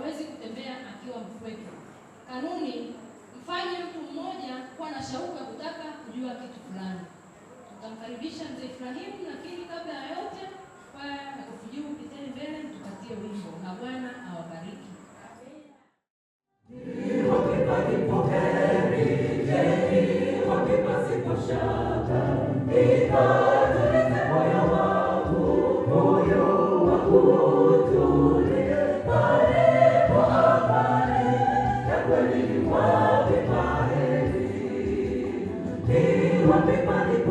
hawezi kutembea akiwa mpweke. Kanuni mfanye mtu mmoja kuwa na shauku ya kutaka kujua kitu fulani. Tutamkaribisha mzee Ibrahim, lakini kabla ya yote, kwaya na kufujiu, piteni mbele, tupatie wimbo na Nikipata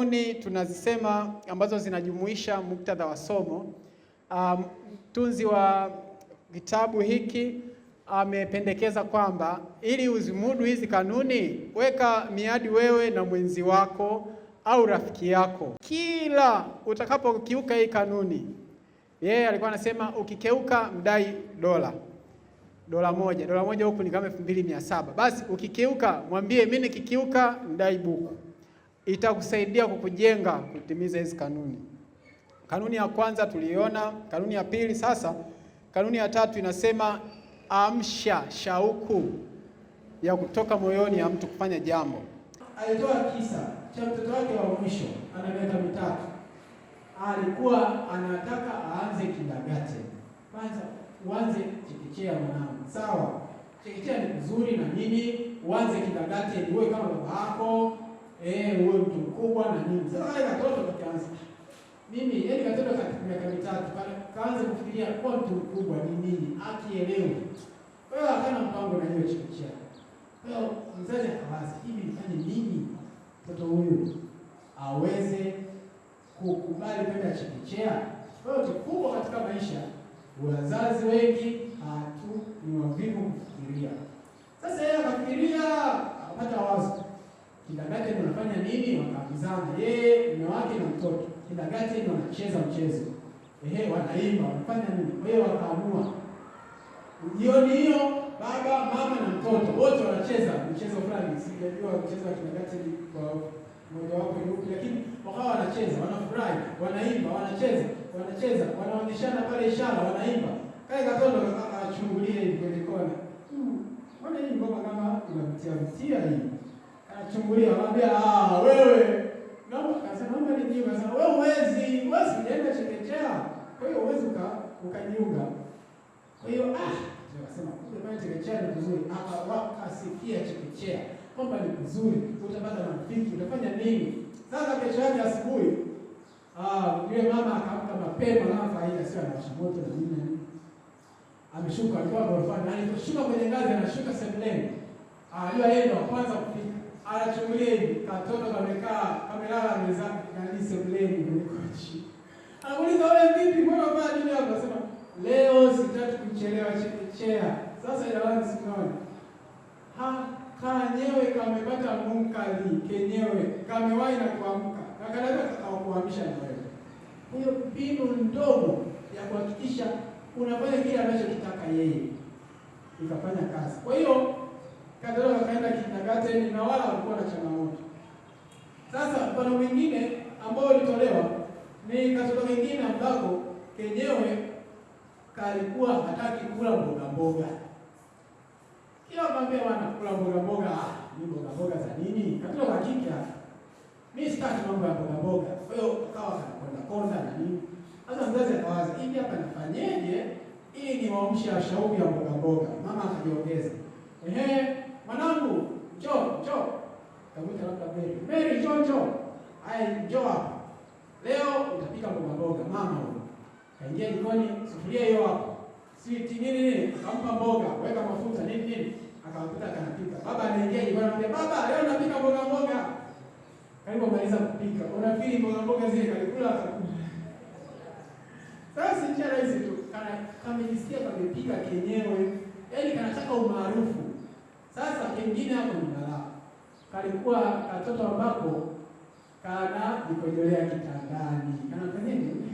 kanuni tunazisema ambazo zinajumuisha muktadha wa somo. Um, mtunzi um, wa kitabu hiki amependekeza kwamba ili uzimudu hizi kanuni, weka miadi wewe na mwenzi wako au rafiki yako, kila utakapokiuka hii kanuni. Yeye alikuwa anasema ukikeuka, mdai dola dola moja. Dola moja huku ni kama elfu mbili mia saba. Basi ukikiuka, mwambie mimi nikikiuka, mdai buku itakusaidia kukujenga kutimiza hizi kanuni. Kanuni ya kwanza tuliona, kanuni ya pili sasa. Kanuni ya tatu inasema amsha shauku ya kutoka moyoni ya mtu kufanya jambo. Alitoa kisa cha mtoto wake wa mwisho, ana miaka mitatu, alikuwa anataka aanze kindagate. Kwanza uanze chekechea mwanangu, sawa? Chekechea ni nzuri na nini, uanze kindagate, uwe kama baba yako eh, wewe mtu mkubwa na nini. Sasa wale watoto wakaanza mimi yani katoto katika miaka mitatu pale kaanza kufikiria kwa mtu mkubwa ni nini, akielewe. Kwa hiyo akana mpango na hiyo chekechea. Kwa hiyo mzazi akawaza hivi, nifanye nini mtoto huyu aweze kukubali kwenda chekechea? Kwa hiyo kikubwa katika maisha, wazazi wengi hatu ni wavivu kufikiria. Sasa yeye akafikiria akapata wazo Kidagate unafanya nini? Wakaambizana yeye mume wake na mtoto. Kidagate wanacheza mchezo, ehe, wanaimba, wanafanya nini? Kwa hiyo wakaamua jioni hiyo, baba mama na mtoto wote wanacheza mchezo fulani, sijajua mchezo wa kidagate kwa mmoja wapo yupi, lakini wakawa wanacheza, wanafurahi, wanaimba, wanacheza, wanacheza, wanaonyeshana pale ishara, wanaimba Kae kale katoto achungulie hivi kwenye kona, hmm, mbona hii ngoma kama inavutia vutia hii Akachungulia anambia, ah, wewe naomba, akasema naomba nijiunge. Sasa wewe huwezi, huwezi ujaenda chekechea, kwa hiyo huwezi ukajiunga. Kwa hiyo ah, akasema kule pale chekechea ni vizuri. Hapa wakasikia chekechea kwamba ni vizuri, utapata marafiki, utafanya nini? Sasa kesho yake asubuhi, ah, yule mama akaamka mapema na faida sio anawasha moto na nini ameshuka alikuwa ghorofani, aliposhuka kwenye ngazi anashuka sebuleni, ajua ah, wa kwanza kufika anachunguleni katoto kamekaa kamelala meza nani sebuleni kwenye kochi. Anauliza wewe vipi, mbona baa nini hapa? Sema leo sitaki kuchelewa chechea Sasa ila wapi sinaona? Ha kanyewe kamepata munkali kenyewe kamewahi na kuamka na kanaweza kakakuhamisha na wewe. Hiyo mbinu ndogo ya kuhakikisha unafanya kile anachokitaka yeye ikafanya kazi. Kwa hiyo kadhalika wakaenda Kindagateni na wala walikuwa na changamoto. Sasa mfano mwingine ambao ulitolewa ni katoto mwingine ambako kenyewe kalikuwa hataki kula mboga mboga. Kila mwambie wana kula mboga mboga, ah, ni mboga mboga za nini? Katoto hakika. Mimi sitaki mambo ya mboga mboga. Kwa hiyo akawa anakonda konda na nini? Sasa mzazi akawaza, hivi hapa nafanyeje ili niwaamshe shauku ya mboga mboga? Mama akajiongeza. Ehe, mwanangu, njoo njoo, kamwita labda Mary, Mary njoo njoo, haya njoo hapa, leo utapika mboga mboga. Mama huyo kaingia jikoni, sufuria hiyo hapo, siti nini nini, akampa mboga, weka mafuta nini nini, akakuta kanapika. Baba anaingia jikoni, anambia baba, leo napika mboga mboga. Alipomaliza kupika, unafikiri mboga mboga zile kalikula? Sasa njia rahisi tu, kana kamejisikia kamepika kenyewe, yaani kanataka umaarufu sasa pengine hapo nilala, kalikuwa katoto ambako kana nikojolea kitandani, kanafanya nini?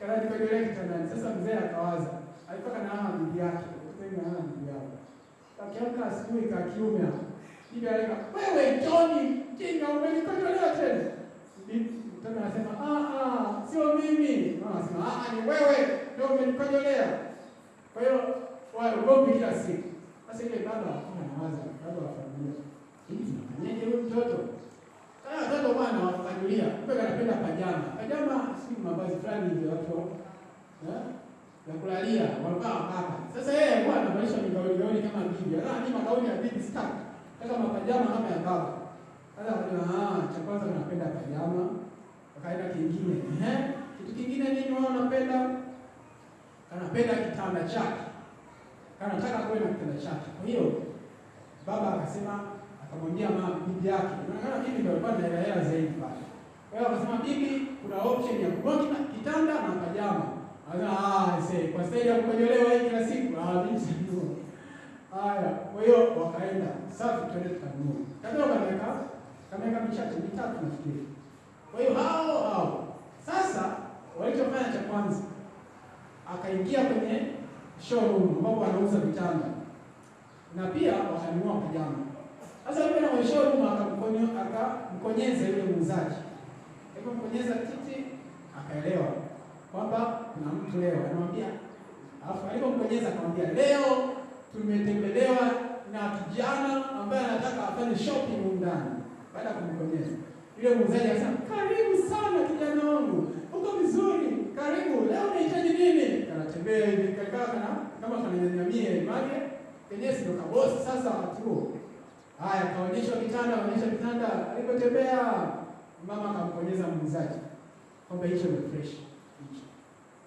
kana nikojolea kitandani. Sasa mzee akawaza, alikuwa kanaama bibi yake, kutengana bibi yao, kakiamka asubuhi, kakiume hapo bibi alika, wewe Tony kinga, umenikojolea tena. Mtoto anasema ah, ah, sio mimi. Mama anasema ah, ah, ni wewe ndio umenikojolea. Kwa hiyo wao ugomvi kila siku sasa ile baba hakuna mawazo, baba wa familia. Hivi tunafanyaje huyu mtoto? Kama mtoto bwana wa familia, kumbe anapenda pajama. Pajama si mavazi fulani ya watu eh? Ya kulalia, wanavaa hapa. Sasa yeye alikuwa anavalisha mikaoni yoni kama bibi. Ah, ni magauni ya bibi sitaki. Nataka mapajama kama ya baba. Sasa anajua ah, cha kwanza anapenda pajama. Akaenda kingine. Eh? Kitu kingine nini wao wanapenda? Anapenda kitanda chake anataka kuwe na kitanda chake. Kwa hiyo baba akasema, akamwambia mama bibi yake, inaonekana bibi ndio alikuwa na hela hela zaidi pale. Kwa hiyo akasema, bibi, kuna option ya kuboki na kitanda na pajama. Anasema ah, see, kwa staili ya kukojolewa hii kila siku, ah, mimi sijui. Haya, kwa hiyo wakaenda safi, twende tukanunua. Kadoa kameka kameka michache mitatu nafikiri. Kwa hiyo hao hao sasa, walichofanya cha kwanza akaingia kwenye showroom ambapo wanauza vitanda na pia wakanunua pajama. Sasa yule mwenye showroom akamkonyo akamkonyeza yule muuzaji, hebu mkonyeza titi, akaelewa kwamba kuna mtu leo anamwambia, alafu alipomkonyeza akamwambia, leo tumetembelewa na kijana ambaye anataka afanye shopping ndani, baada ya kumkonyeza yule muuzaji akasema, karibu sana kijana wangu, uko vizuri, karibu, leo unahitaji nini? Kanatembea hivi kakaa kana kama kananyamia mage yenyewe, ndo kabosi. Sasa wakati huo haya, kaonyeshwa kitanda, kaonyesha kitanda. Alipotembea mama akamponyeza muuzaji kwamba hicho ni fresh